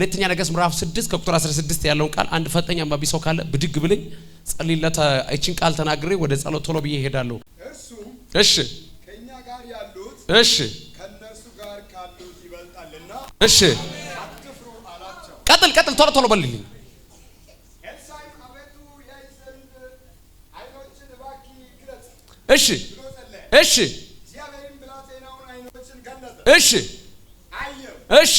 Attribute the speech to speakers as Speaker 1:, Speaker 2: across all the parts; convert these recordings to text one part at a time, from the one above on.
Speaker 1: ሁለተኛ ነገሥት ምዕራፍ 6 ከቁጥር 16 ያለውን ቃል አንድ ፈጠኛ አንባቢ ሰው ካለ ብድግ ብለኝ ጸልይለት። እቺን ቃል ተናግሬ ወደ ጸሎት ቶሎ ብዬ እሄዳለሁ። እሱ እሺ
Speaker 2: ከኛ ጋር ያሉት እሺ ከነሱ ጋር ካሉት ይበልጣልና
Speaker 1: እሺ አትፍሩ አላቸው። ቀጥል ቀጥል፣ ቶሎ ቶሎ በልልኝ። እሺ እሺ እሺ እሺ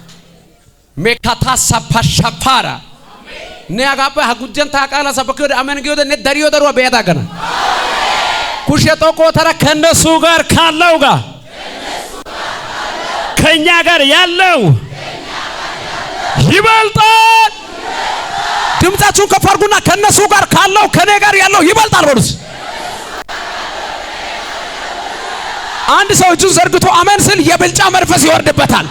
Speaker 1: ሜካታሳ ፓሻፓራ ኔ አጋባ ሀጉጀን ታቃና ሰበክ ወደ አመን ጊዮደ ኔ ደሪዮ ደሮ በያዳ ገና ኩሽ የጦቆ ተራ ከነሱ ጋር ካለው ጋር ከኛ ጋር ያለው ይበልጣል። ድምጻችሁን ከፍ አድርጉና ከነሱ ጋር ካለው ከኔ ጋር ያለው ይበልጣል በሉት። አንድ ሰው እጁን ዘርግቶ አመን ስል የብልጫ መንፈስ ይወርድበታል።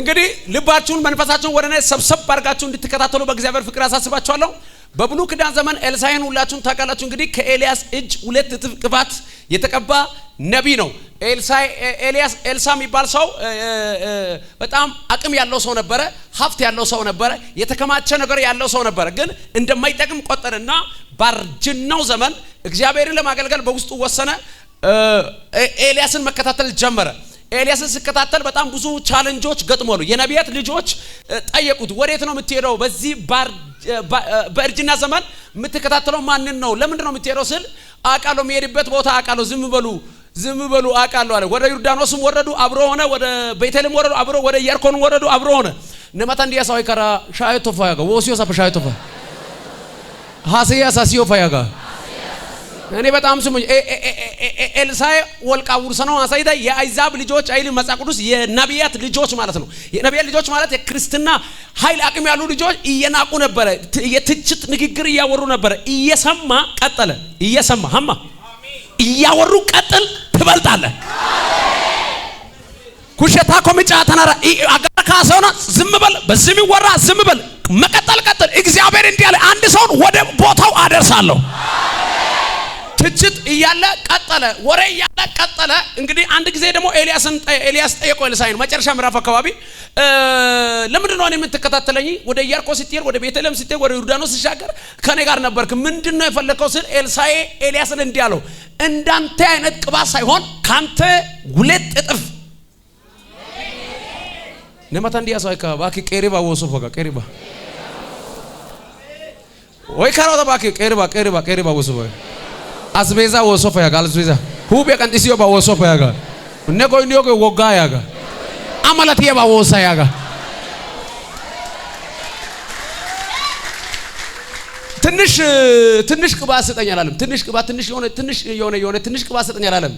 Speaker 1: እንግዲህ ልባችሁን መንፈሳችሁን ወደ እኔ ሰብሰብ አድርጋችሁ እንድትከታተሉ በእግዚአብሔር ፍቅር አሳስባችኋለሁ። በብሉ ክዳን ዘመን ኤልሳይን ሁላችሁን ታውቃላችሁ። እንግዲህ ከኤልያስ እጅ ሁለት እጥፍ ቅባት የተቀባ ነቢይ ነው። ኤልያስ ኤልሳ የሚባል ሰው በጣም አቅም ያለው ሰው ነበረ፣ ሀብት ያለው ሰው ነበረ፣ የተከማቸ ነገር ያለው ሰው ነበረ። ግን እንደማይጠቅም ቆጠርና ባርጅናው ዘመን እግዚአብሔርን ለማገልገል በውስጡ ወሰነ። ኤልያስን መከታተል ጀመረ። ኤልያስን ስከታተል በጣም ብዙ ቻለንጆች ገጥሞሉ። የነቢያት ልጆች ጠየቁት፣ ወዴት ነው የምትሄደው? በዚህ በእርጅና ዘመን የምትከታተለው ማንን ነው? ለምንድን ነው የምትሄደው ስል አቃሎ የሚሄድበት ቦታ አቃሎ ዝም በሉ ዝም በሉ አቃሎ አለ። ወደ ዮርዳኖስም ወረዱ፣ አብሮ ሆነ። ወደ ቤተልም ወረዱ፣ አብሮ ወደ ኢያሪኮን ወረዱ፣ አብሮ ሆነ። ነመታ እንዲያ ሰው ይከራ ሻይ ቶፋ ያጋ ወሲዮሳ ሻይ ቶፋ ሀሰያ ሳሲዮፋ ያጋ እኔ በጣም ስሙኝ። ኤልሳይ ወልቃ ውርሰ ነው አሳይዳ የአይዛብ ልጆች አይል መጽሐፍ ቅዱስ የነቢያት ልጆች ማለት ነው። የነቢያት ልጆች ማለት የክርስትና ኃይል አቅም ያሉ ልጆች እየናቁ ነበረ። የትችት ንግግር እያወሩ ነበረ። እየሰማ ቀጠለ። እየሰማ ሀማ እያወሩ ቀጥል፣ ትበልጣለ። ኩሸታ ኮሚጫ ተናራ አገር ካሰውና ዝም በል፣ በዚህ የሚወራ ዝም በል፣ መቀጠል ቀጥል። እግዚአብሔር እንዲህ ያለ አንድ ሰውን ወደ ቦታው አደርሳለሁ። እያለ ቀጠለ፣ ወሬ እያለ ቀጠለ። እንግዲህ አንድ ጊዜ ደግሞ ኤልያስን ኤልያስ ጠየቀው ኤልሳዕን መጨረሻ ምዕራፍ አካባቢ ለምንድን ነው የምትከታተለኝ? ወደ ኢያሪኮ ስትሄድ፣ ወደ ቤተልሔም ስትሄድ፣ ወደ ዮርዳኖስ ሲሻገር ከኔ ጋር ነበርክ። ምንድን ነው የፈለከው ስል ኤልሳዬ ኤልያስን እንዲህ አለው፣ እንዳንተ አይነት ቅባት ሳይሆን ካንተ ሁለት እጥፍ ነማታ እንዲያሰው ባኪ ቄሪባ ወሶ ፈጋ ቄሪባ ወይ ካሮታ ባኪ ቄሪባ ቄሪባ ቄሪባ ወሶ ፈጋ አስቤዛ ወሶፈ ያጋል አስቤዛ ሁቤ ቀንጥሲዮ ባ ወሶፈ ያጋ እነ ኮይንዮ ኮ ወጋ ያጋ አማላቲየ ባ ወሳ ያጋ ትንሽ ትንሽ ቅባት ስጠኝ አላለም። ትንሽ ቅባት ትንሽ የሆነ ትንሽ የሆነ የሆነ ትንሽ ቅባት ስጠኝ አላለም።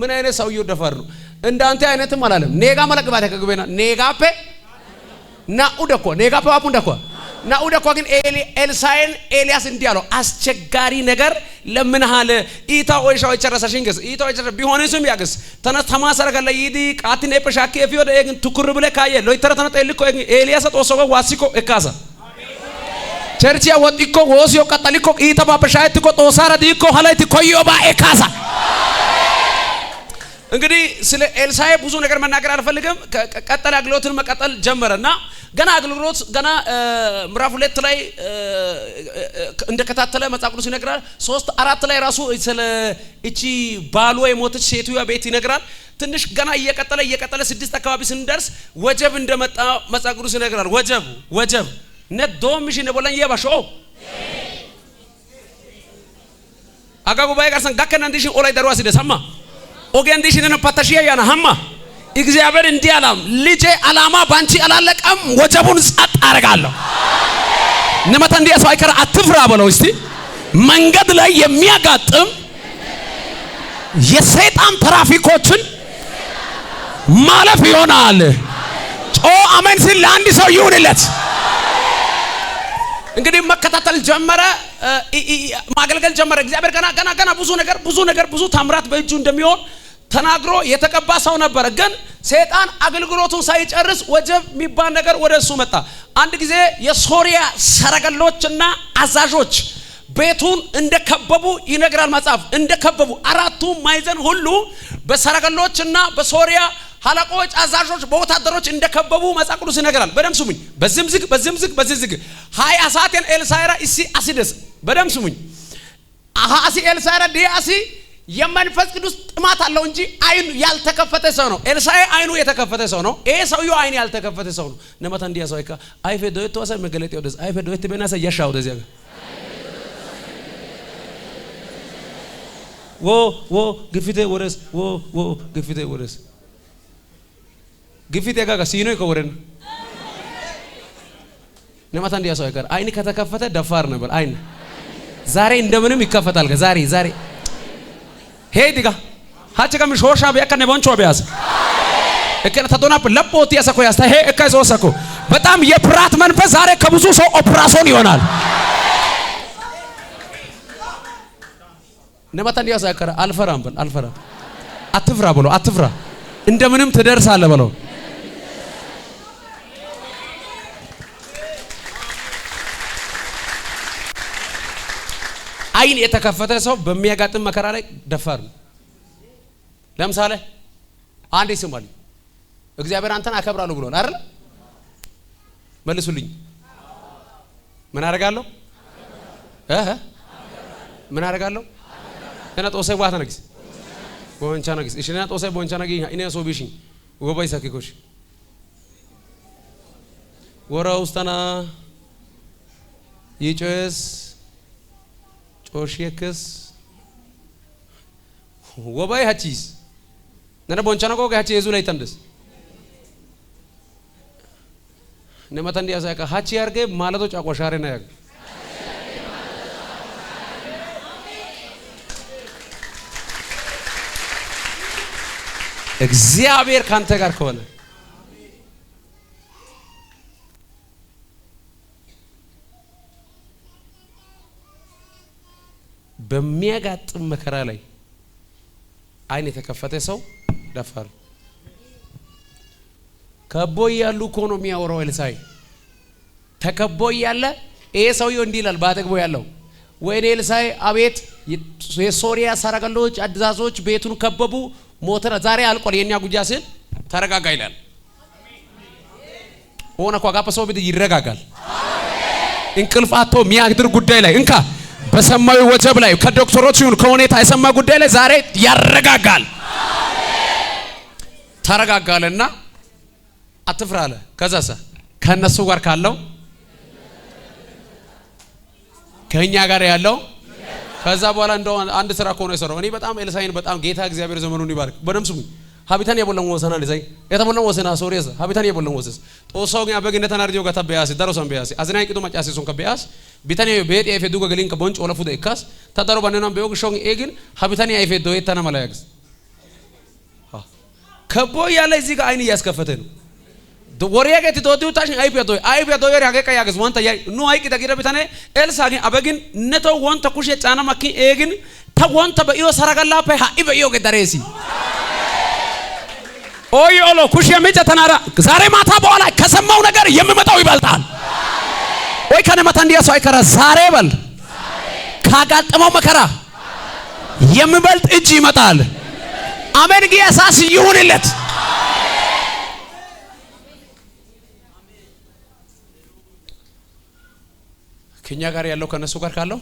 Speaker 1: ምን አይነት ሰውዬው ደፋር ነው! እንዳንተ አይነትም አላለም። ኔጋ መለቅባት ያከግበና ኔጋፔ ናኡደኮ ኔጋፔ ዋፑ እንደኮ ናኡድ እኮ ግን ኤልሳዕን ኤልያስ እንዲህ አለው፣ አስቸጋሪ ነገር ለምንሃል ኢታ ኦይሻ ጨረሰሽ ንገስ ኢታ ኦይቻ ቢሆን ስም ያገስ ተነስ ተማሰረ ከለ ይዲ ቃትን ኤፕሻ ኬፊ ወደ ኤግን ትኩር ብለ ካየ ሎይተረ ተነ ጠልኮ ኤግን ኤልያስ ጦሶጎ ዋሲኮ እካሳ ቸርቺያ ወጥኮ ወሲዮ ቀጠልኮ ኢታ ባበሻ እትኮ ጦሳራ ዲኮ ሀላይት ኮዮ ባ እንግዲህ ስለ ኤልሳይ ብዙ ነገር መናገር አልፈልግም። ቀጠል አገልግሎትን መቀጠል ጀመረ እና ገና አገልግሎት ገና ምዕራፍ ሁለት ላይ እንደከታተለ መጽሐፍ ቅዱስ ይነግራል። ሶስት አራት ላይ ራሱ ስለ እቺ ባሏ የሞተች ሴትዮዋ ቤት ይነግራል። ትንሽ ገና እየቀጠለ እየቀጠለ ስድስት አካባቢ ስንደርስ ወጀብ እንደመጣ መጽሐፍ ቅዱስ ይነግራል። ወጀብ ወጀብ ነት ዶምሽ ነበለን የባሾ አጋ ጉባኤ ጋር ሰን ጋከና እንዲሽ ኦላይ ደርዋ ሲደሰማ ኦጌንዲሽ እንደነ ፓታሺያ ያና ሀማ እግዚአብሔር እንዲህ አላም ልጄ አላማ ባንቺ አላለቀም። ወጀቡን ጸጥ አደርጋለሁ። ነመታ እንዲያ ሰው አይከራ አትፍራ በለው እስቲ መንገድ ላይ የሚያጋጥም የሰይጣን ትራፊኮችን ማለፍ ይሆናል። ጮ አሜን ሲል ለአንድ ሰው ይሁንለት። እንግዲህ መከታተል ጀመረ፣ ማገልገል ጀመረ። እግዚአብሔር ገና ገና ገና ብዙ ነገር ብዙ ነገር ብዙ ታምራት በእጁ እንደሚሆን ተናግሮ የተቀባ ሰው ነበረ። ግን ሰይጣን አገልግሎቱን ሳይጨርስ ወጀብ የሚባል ነገር ወደ እሱ መጣ። አንድ ጊዜ የሶሪያ ሰረገሎችና አዛዦች ቤቱን እንደከበቡ ይነግራል መጽሐፍ። እንደከበቡ አራቱ ማዕዘን ሁሉ በሰረገሎችና በሶሪያ አለቆች፣ አዛዦች፣ በወታደሮች እንደከበቡ መጽሐፍ ቅዱስ ይነግራል። በደም ስሙኝ። በዚህም ዝግ በዚህም ዝግ በዚህ ዝግ ሃይ አሳቴን ኤልሳይራ እሲ አሲደስ በደም ስሙኝ አሃ አሲ ኤልሳይራ ዲያሲ የመንፈስ ቅዱስ ጥማት አለው እንጂ አይኑ ያልተከፈተ ሰው ነው። ኤልሳኤ አይኑ የተከፈተ ሰው ነው። ይሄ ሰውየው አይኑ ያልተከፈተ ሰው ነው። ነመታ እንዲያ ሰው አይካ አይፌ ዶት ወሰ መገለጥ ወደ አይፌ ዶት በእናሰ ሰ ያሻ ወደ ዚያ ወ ወ ግፊቴ ወረስ ወ ወ ግፊቴ ወረስ ግፊቴ ጋጋ ሲኖ ይከወረን ነመታ እንዲያ ሰው አይካ አይን ከተከፈተ ደፋር ነበር። አይን ዛሬ እንደምንም ይከፈታል። ዛሬ ዛሬ Heidiga. Hacha kami shosha be akka ne boncho be as. እከነ ተዶናፕ ለቦት ያሰኮ ያስታ ሄ እከ ሶሰኮ በጣም የፍራት መንፈስ ዛሬ ከብዙ ሰው ኦፕራሶን ይሆናል። ነማታን ያሳከረ አልፈራም በል አልፈራ አትፍራ ብሎ አትፍራ እንደምንም ትደርሳለህ በለው አይን የተከፈተ ሰው በሚያጋጥም መከራ ላይ ደፋር ነው። ለምሳሌ አንዴ ስማል እግዚአብሔር አንተን አከብራለሁ ብሎን አይደል? መልሱልኝ። ምን አደርጋለሁ? እህ ምን አደርጋለሁ? እና ጦሰይ ዋታ ነግስ ቦንቻ ነግስ እሺ እና ጦሰይ ቦንቻ ነግ እኔ ሰው ቢሽኝ ወባይ ሰክኮሽ ወራ ውስጠና ይጮስ Xooshiyakkas wabaay hachiis nana bonchana koo hachi yeezuu layttan des nama tan dhiyaasa akka hachi argee maalato caaqoshaare na yaaga እግዚአብሔር ካንተ ጋር ከሆነ በሚያጋጥም መከራ ላይ አይን የተከፈተ ሰው ደፋር ከቦ እያሉ እኮ ነው የሚያወራው። ኤልሳዕ ተከቦ እያለ ይሄ ሰውዬው እንዲህ ይላል በአጠግቦ ያለው ወይኔ ኤልሳዕ፣ አቤት የሶሪያ ሰረገሎች፣ አድዛዞች ቤቱን ከበቡ፣ ሞተነ። ዛሬ አልቋል የእኛ ጉጃ ሲል ተረጋጋ ይላል። ሆነ እኮ አጋፔ ሰው ቤት ይረጋጋል። እንቅልፍ አቶ የሚያድር ጉዳይ ላይ እንካ በሰማዩ ወጀብ ላይ ከዶክተሮች ይሁን ከሁኔታ የሰማ ጉዳይ ላይ ዛሬ ያረጋጋል። ተረጋጋለና አትፍራ አለ። ከዛሰ ከእነሱ ጋር ካለው ከእኛ ጋር ያለው ከዛ በኋላ እንደው አንድ ስራ ከሆነ የሰራው እኔ በጣም ኤልሳይን በጣም ጌታ እግዚአብሔር ዘመኑን ይባርክ። በደምብ ስሙኝ። habitan wosana bolla zai eta bolla woosena soores habitan bolla wooses xoossaw gina beginnetan arjiyo gata beasi daro beyaasi darosan beyaasi azinay qido maccaasisonka beyaas bitaniyayo beexi ayfe duga gelinka bonco ola fuda ikas ta daro shong egin habitan ya eta na kabo do ya beyo gishon eegin habitaniya ayfe doyettana do yaagis ya እያለ እዚህ ጋር አይን እያስከፈተ ነው ወሬ ገት ዶዲ ታሽን አይፒ ዶይ አይፒ ዶይ ሬ ሀገ ቀያገስ ወንተ ያይ ኑ አይቂ ተገረ ቢታኔ ኤልሳ ግን አበግን ነቶ ወንተ ኩሽ ጫና ማኪ ኤግን pe ha ibe ሀኢ ge daresi ኦዮሎ ኩሽ የምጭ ተናራ ዛሬ ማታ በኋላ ከሰማው ነገር የምመጣው ይበልጣል ወይ መታ እንዲያ ሰው አይከራ ዛሬ በል ካጋጠመው መከራ የምበልጥ እጅ ይመጣል። አሜን ጌሳስ ይሁንለት። ከኛ ጋር ያለው ከነሱ ጋር ካለው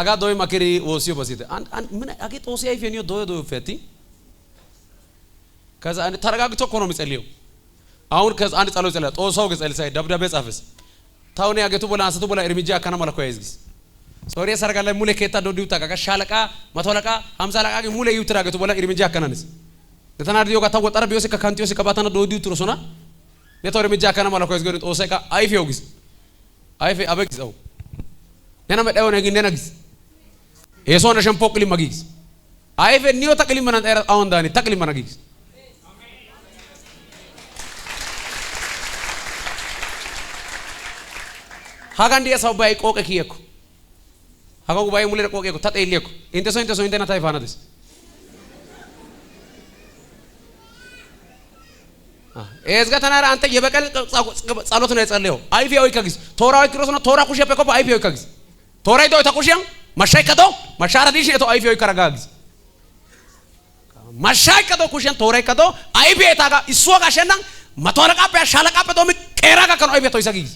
Speaker 1: አጋ ዶይ ማከሪ ወሲዮ በሲተ አንድ አንድ ምን አገ ጦሲ አይፈኒዮ ዶይ ዶይ ፈቲ ከዛ አንድ ተረጋግቶ እኮ ነው የሚጸልየው። አሁን ከዛ አንድ ጸሎት ጸለየ ግጸል ሳይ ደብዳቤ ጻፈስ ታውን ያገቱ ቦላ አንስቱ ቦላ እርምጃ ካና ማለኮ ያይዝግስ ሰርጋ ላይ ሙሌ ከታ ዶዲው ታቃቃ ሻለቃ መቶ አለቃ ሃምሳ አለቃ ሙሌ ይውትራ ገቱ ቦላ እርምጃ ካናንስ ለተናርዲዮ ጋታ ወጣረ ቢዮስ ከካንቲዮሲ ከባታና ዶዲው ትሮሶና ለተወር እርምጃ ካና ማለኮ ያይዝገሩ ጦሰይ ካ አይፍ ግስ አይፍ አበግዘው ነና መዳው ነግን ነግስ ኤሶነ ሸምፖቅሊ ማጊስ አይፍ ኒዮ ተቅሊ መናን ጣራ አሁን ዳኒ ተቅሊ መናጊስ Hagan diya sabba ay qooqe kiyekko. Hagan gubaa'ee mul'ira qooqeekko ta xeelliyekko. Inte so inte so intena ta'i faana des. ezga tanara አንተ የበቀል ጸሎት ነው የጸለየው። አይፌ ኦይካ ጊዝ ቶራ ኦይክ ሮስ ነው ቶራ ኩሽ ያፈቆ አይፌ ኦይካ ጊዝ ቶራ ይዶ ተኩሽም መሻይ ከቶ መሻራ ዲሽ የቶ አይፌ ኦይካ ረጋ ጊዝ መሻይ ከቶ ኩሽን ቶራ ከቶ አይፌ ታጋ እሱ ጋሸና መቶ ረቃ ሻለቃ ጦም ቄራ ጋ ከነ አይፌ ቶይሳ ጊዝ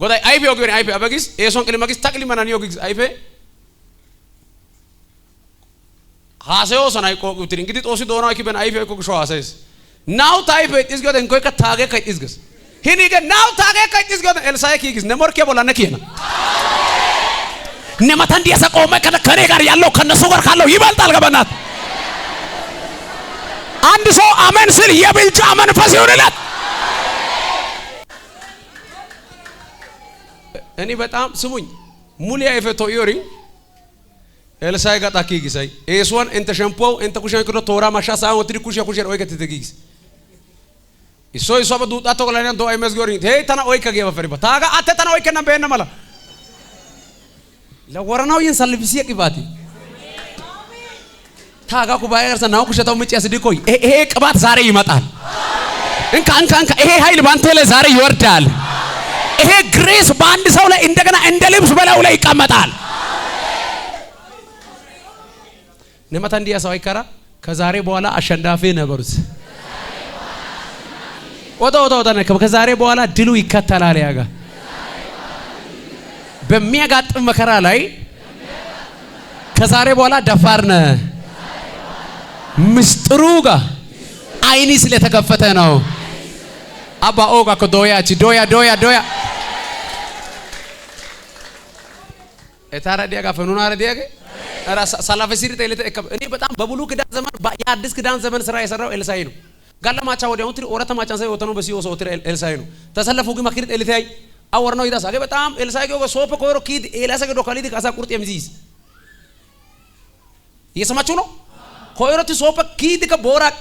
Speaker 1: goday ayfe ogiyore ayfe abegis eeson qilimakis ta qilimananiyo gigis ayfe haasayoosana qooqi utin ingidiz xoossi doonaa ekiben ayfe oykko gisho haasayees naw ta ayfe ixxis giyode hinkoykka taageekka ixxis ges hiniige naw taageekka ixxis giyode elsaye kiigis ne morkiya bolla ne kiyana ne matan diyasa ቆመ ከኔ ጋር ያለው ከነሱ ጋር ካለው ይበልጣል ገበናት አንድ ሰው አሜን ስል የብልጫ መንፈስ ይሁንለት እኔ በጣም ስሙኝ ሙሊ አይፈቶ ዮሪ ኤልሳይ ጋጣ ኪጊሳይ ኤስዋን እንተ ሸምፖ እንተ ኩሸን ክዶ ቶራ ማሻ ሳን ወትሪ ኩሽ ኩሽን ኦይከት ትጊስ እሶ እሶ በዱጣ ተቆላና ዶ አይመስ ጎሪ ሄ ተና ኦይ ገባ ፈሪባ ታጋ አተ ተና ኦይ ከና በየና ማላ ለወራናው ይን ይንሰልብሲ ቅባቲ ታጋ ኩባኤ ገርሰ ናው ተው ምጭ ያስዲ ያስድቆይ ይሄ ቅባት ዛሬ ይመጣል። እንካ እንካ እንካ ይሄ ኃይል ባንተ ላይ ዛሬ ይወርዳል። ይሄ ግሬስ በአንድ ሰው ላይ እንደገና እንደ ልብስ በላዩ ላይ ይቀመጣል። ንመታ እንዲያ ሰው አይከራ ከዛሬ በኋላ አሸናፊ ነበሩት። ወጣ ወጣ ወጣ ነከብ ከዛሬ በኋላ ድሉ ይከተላል። ያጋ በሚያጋጥም መከራ ላይ ከዛሬ በኋላ ደፋር ነህ። ምስጥሩ ጋር አይኒ ስለተከፈተ ነው። አባ ኦጋ ኮ ዶያ ዶያ ዶያ የታረዲያጋ ፈኑና አረዲያገ ሳላፈ ሲሪ ተይለተ እከብ እኔ በጣም በብሉ ክዳን ዘመን የአዲስ ክዳን ዘመን ስራ የሰራው ኤልሳይ ነው። ጋለማቻ ወዲያው ትሪ ኦረተ ማቻን ሳይ ወተኑ በሲዮ ሶትሪ ኤልሳይ ነው። ተሰለፉ ግን ማክሪት ኤልታይ አወር ነው ይዳሳገ በጣም ኤልሳይ ገው ሶፈ ኮሮ ኪድ ኤልሳይ ገዶ ካሊድ ካሳ ቁርጥ የሚዚስ እየሰማችሁ ነው። ኮይሮቲ ሶፈ ኪድ ከቦራቅ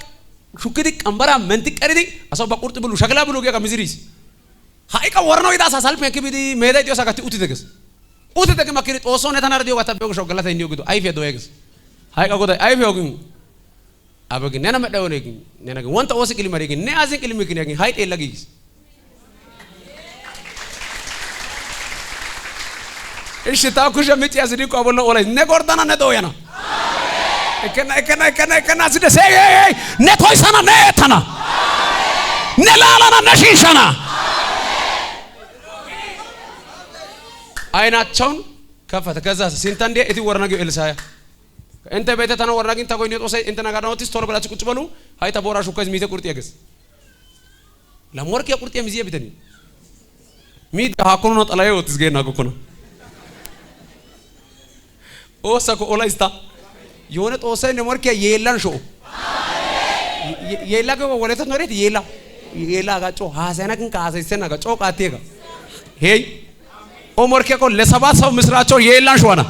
Speaker 1: ሹክዲ ቀንበራ መንት ቀሪዲ አሰው በቁርጥ ብሉ ሸግላ ብሉ ገ ከሚዚሪስ ሃይቀ ወር ነው ይዳሳ ሳልፈ ከቢዲ ሜዳ ይዲዮሳ ካቲ ኡቲ ተገስ uttite makkidi xoossoon etanaara diyogaa ta be'o gishawu galatay inniyo gido ayfiya dooyeeges hayqa goday ayfiyaw gin abegin nena medhayoon egin nena gin wanta oosi qilmar egin ne asin qilmikin egin hay xeella giigis እሺ ታ ኩሸ ምጭ ያስዲቆ አቦሎ ኦላይ ነጎርዳና ነዶያና እከና እከና እከና እከና ስደሰይ ነቶይሰና ነተና ነላላና ነሽንሸና አይናቸውን ከፈተ። ከዛስ ሲንታንዴ እቲ ወርናጊው ኤልሳያ እንተ ቤተ ተነ ወርናጊን ታጎኝ ጦሰ እንተ ነጋዳውቲስ ቶሎ ብላችሁ ቁጭ በሉ ሀይታ ቦራሹ ከዝ ሚዜ ቁርጥ ያገዝ ለሞርቅ የቁርጥ የሚዜ ቢተኒ ሚድ ሀኩኑ ነው ጠላዩ ወትስ ገና ኩኩና ኦሳኮ ኦላይስታ የሆነ ጦሰ ነሞርቅ የላን ሾ የላ ገ ወለተ ኖሬት የላ የላ ጋጮ ሀሰና ግን ካሰይሰና ጋጮ ቃቴ ጋ ሄይ ኦሞርኬ እኮ ለሰባት ሰው ምስራቸው የላሽ ሆነ።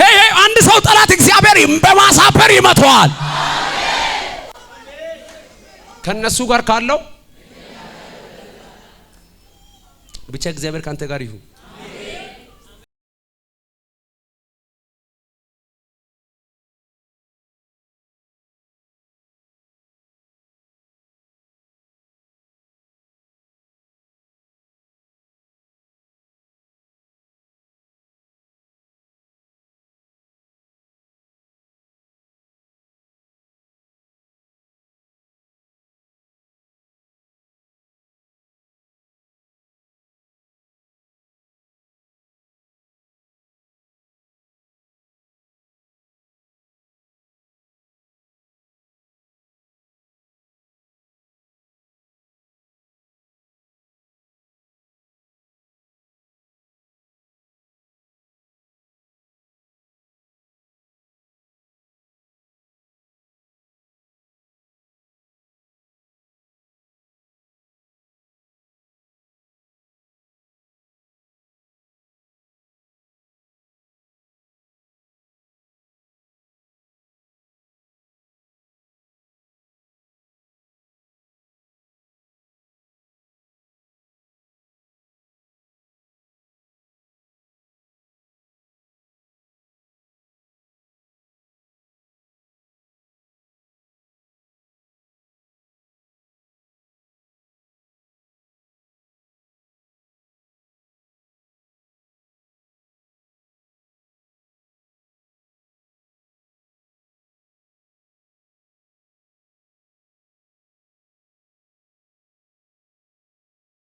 Speaker 1: ሄይ ሄይ አንድ ሰው ጠላት እግዚአብሔር በማሳፈር ይመተዋል። ከነሱ ጋር ካለው ብቻ እግዚአብሔር ካንተ ጋር ይሁን።